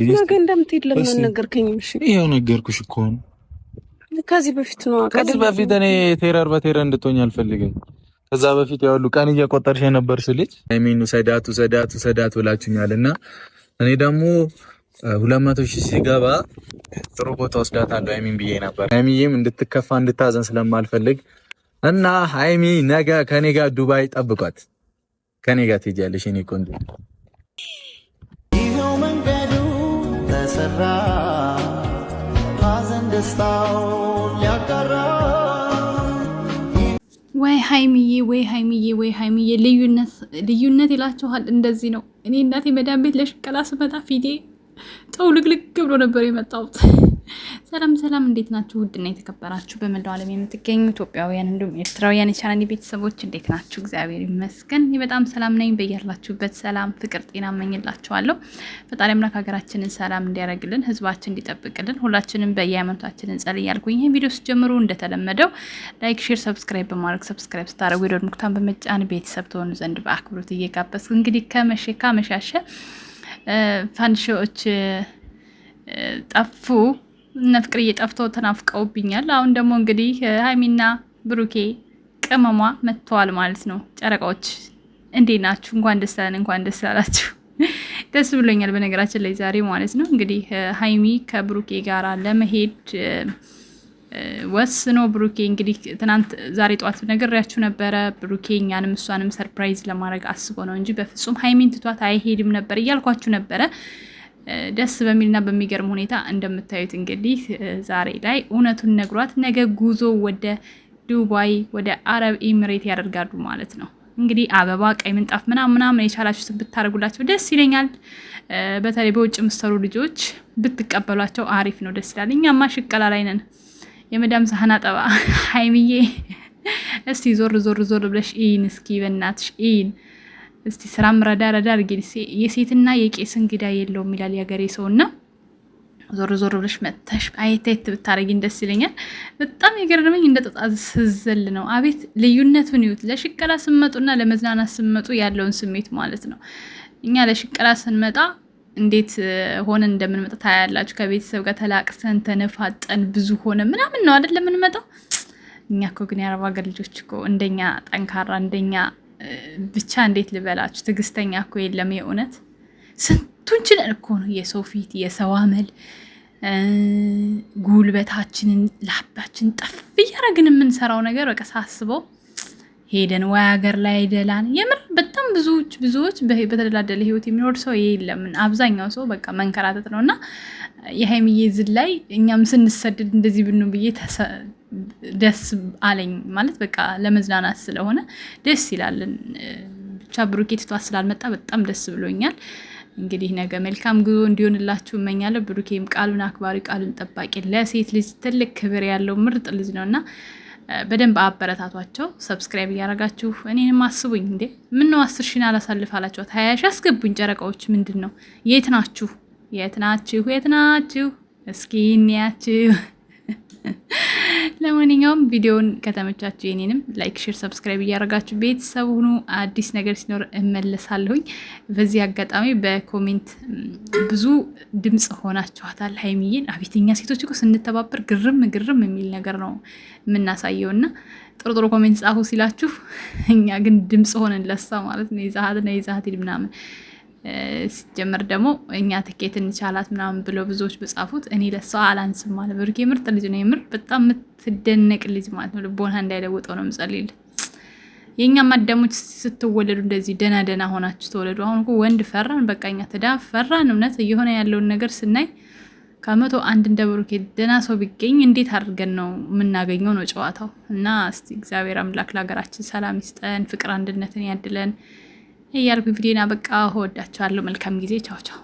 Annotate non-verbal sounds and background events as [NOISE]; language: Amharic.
ልጅ ነገ እንደምትሄድ ለምን አልነገርከኝም? እሺ ይኸው ነገርኩሽ እኮ ነው። ከዚህ በፊት ነው። ከዚህ በፊት እኔ ቴረር በቴረር እንድትሆኝ አልፈልግም። ከዛ በፊት ያሉ ቀን እየቆጠርሽ የነበርሽ ልጅ ሚኑ ሰዳቱ ሰዳቱ ሰዳቱ ብላችሁኛል እና እኔ ደግሞ ሁለት መቶ ሺህ ሲገባ ጥሩ ቦታ ወስዳታለሁ ሀይሚን ብዬ ነበር። ሀይሚም እንድትከፋ እንድታዘን ስለማልፈልግ እና ሀይሚ ነገ ከኔ ጋር ዱባይ ጠብቋት፣ ከኔ ጋር ትሄጃለሽ የኔ ቆንጆ ስለሰራ ሐዘን ደስታውን ሊያጋራ ወይ ሀይሚዬ ወይ ሀይሚዬ ወይ ሀይሚዬ ልዩነት ልዩነት ይላችኋል። እንደዚህ ነው። እኔ እናቴ መዳን ቤት ለሽቀላ ስመጣ ፊቴ ጠው ልግልግ ብሎ ነበር የመጣሁት። ሰላም ሰላም፣ እንዴት ናችሁ? ውድና የተከበራችሁ በመላው ዓለም የምትገኙ ኢትዮጵያውያን እንዲሁም ኤርትራውያን የቻናሌ ቤተሰቦች እንዴት ናችሁ? እግዚአብሔር ይመስገን በጣም ሰላም ነኝ። በያላችሁበት ሰላም፣ ፍቅር፣ ጤና እመኝላችኋለሁ። ፈጣሪ አምላክ ሀገራችንን ሰላም እንዲያደርግልን፣ ህዝባችን እንዲጠብቅልን፣ ሁላችንም በየሃይማኖታችን እንጸልይ ያልኩኝ። ይህን ቪዲዮ ስጀምሩ እንደተለመደው ላይክ፣ ሼር፣ ሰብስክራይብ በማድረግ ሰብስክራይብ ስታደረጉ የደወል ምልክቱን በመጫን ቤተሰብ ትሆኑ ዘንድ በአክብሮት እየጋበዝኩ እንግዲህ ከመሸ ካመሻሸ ፋንድሾዎች ጠፉ እነ ፍቅርዬ ጠፍተው ተናፍቀውብኛል። አሁን ደግሞ እንግዲህ ሀይሚና ብሩኬ ቅመሟ መጥተዋል ማለት ነው። ጨረቃዎች እንዴት ናችሁ? እንኳን ደስ አለን፣ እንኳን ደስ አላችሁ። [LAUGHS] ደስ ብሎኛል በነገራችን ላይ ዛሬ ማለት ነው። እንግዲህ ሀይሚ ከብሩኬ ጋር ለመሄድ ወስኖ ብሩኬ እንግዲህ ትናንት ዛሬ ጠዋት ነግሬያችሁ ነበረ። ብሩኬ እኛንም እሷንም ሰርፕራይዝ ለማድረግ አስቦ ነው እንጂ በፍጹም ሀይሚን ትቷት አይሄድም ነበር እያልኳችሁ ነበረ ደስ በሚልና በሚገርም ሁኔታ እንደምታዩት እንግዲህ ዛሬ ላይ እውነቱን ነግሯት ነገ ጉዞ ወደ ዱባይ ወደ አረብ ኤሚሬት ያደርጋሉ ማለት ነው። እንግዲህ አበባ፣ ቀይ ምንጣፍ ምናምን ምናምን የቻላችሁትን ብታደርጉላቸው ደስ ይለኛል። በተለይ በውጭ ምሰሩ ልጆች ብትቀበሏቸው አሪፍ ነው፣ ደስ ይላል። እኛማ ሽቀላ ላይ ነን። የመዳም ሳህን አጠባ [LAUGHS] ሀይምዬ፣ እስቲ ዞር ዞር ዞር ብለሽ ኢን እስኪ በናትሽ ኢን እስቲ ስራም ረዳ ረዳ አድርጌ የሴትና የቄስ እንግዳ የለውም ይላል የሀገሬ ሰው እና ዞር ዞር ብለሽ መጥተሽ አየት አየት ደስ ይለኛል። በጣም የገረመኝ እንደ ጦጣ ስዘል ነው። አቤት ልዩነቱን ይዩት። ለሽቀላ ስመጡና ለመዝናናት ስመጡ ያለውን ስሜት ማለት ነው። እኛ ለሽቀላ ስንመጣ እንዴት ሆነን እንደምንመጣ ታያላችሁ። ከቤተሰብ ጋር ተላቅሰን ተነፋጠን ብዙ ሆነ ምናምን ነው አይደል እኛ እኮ ግን የአረብ ሀገር ልጆች እኮ እንደኛ ጠንካራ እንደኛ ብቻ እንዴት ልበላችሁ፣ ትዕግስተኛ እኮ የለም የእውነት ስንቱን ችለን እኮ ነው የሰው ፊት የሰው አመል ጉልበታችንን ላባችን ጠፍ እያደረግን የምንሰራው ነገር በቃ ሳስበው ሄደን ወይ ሀገር ላይ አይደላን። የምር በጣም ብዙዎች ብዙዎች በተደላደለ ህይወት የሚኖር ሰው የለም። አብዛኛው ሰው በቃ መንከራተት ነው እና የሀይሚዬ ዝን ላይ እኛም ስንሰድድ እንደዚህ ብኑ ብዬ ደስ አለኝ ማለት በቃ ለመዝናናት ስለሆነ ደስ ይላልን ብቻ ብሩኬ ትቷት ስላልመጣ በጣም ደስ ብሎኛል። እንግዲህ ነገ መልካም ጉዞ እንዲሆንላችሁ እመኛለሁ። ብሩኬም ቃሉን አክባሪ፣ ቃሉን ጠባቂ፣ ለሴት ልጅ ትልቅ ክብር ያለው ምርጥ ልጅ ነው እና በደንብ አበረታቷቸው። ሰብስክራይብ እያደረጋችሁ እኔንም አስቡኝ። እንዴ ነው አስር ሺን አላሳልፍ አላችኋት? ሀያ ሺ አስገቡኝ። ጨረቃዎች ምንድን ነው? የት ናችሁ? የት ናችሁ? የት ናችሁ? እስኪ እንያችሁ። ለማንኛውም ቪዲዮውን ከተመቻችሁ የኔንም ላይክ፣ ሼር፣ ሰብስክራይብ እያደረጋችሁ ቤተሰብ ሁኑ። አዲስ ነገር ሲኖር እመለሳለሁኝ። በዚህ አጋጣሚ በኮሜንት ብዙ ድምፅ ሆናችኋታል ሀይሚዬን። አቤት እኛ ሴቶች እኮ ስንተባበር ግርም ግርም የሚል ነገር ነው የምናሳየው እና ጥሩ ጥሩ ኮሜንት ጻፉ ሲላችሁ እኛ ግን ድምፅ ሆነን ለሳ ማለት ነው የዛሀት ነው ምናምን ሲጀመር ደግሞ እኛ ትኬት እንቻላት ምናምን ብለው ብዙዎች በጻፉት እኔ ለሰው አላንስም ማለት ብሩኬ ምርጥ ልጅ ነው። የምር በጣም የምትደነቅ ልጅ ማለት ነው። ልቦና እንዳይለውጠው ነው ምጸልል። የእኛ ማዳሞች ስትወለዱ እንደዚህ ደና ደና ሆናችሁ ተወለዱ። አሁን እኮ ወንድ ፈራን፣ በቃ እኛ ትዳ ፈራን። እውነት እየሆነ ያለውን ነገር ስናይ ከመቶ አንድ እንደ ብሩኬ ደና ሰው ቢገኝ እንዴት አድርገን ነው የምናገኘው ነው ጨዋታው። እና እስቲ እግዚአብሔር አምላክ ለሀገራችን ሰላም ይስጠን፣ ፍቅር አንድነትን ያድለን። እያልኩ ቪዲዮና በቃ እወዳቸዋለሁ። መልካም ጊዜ። ቻው ቻው።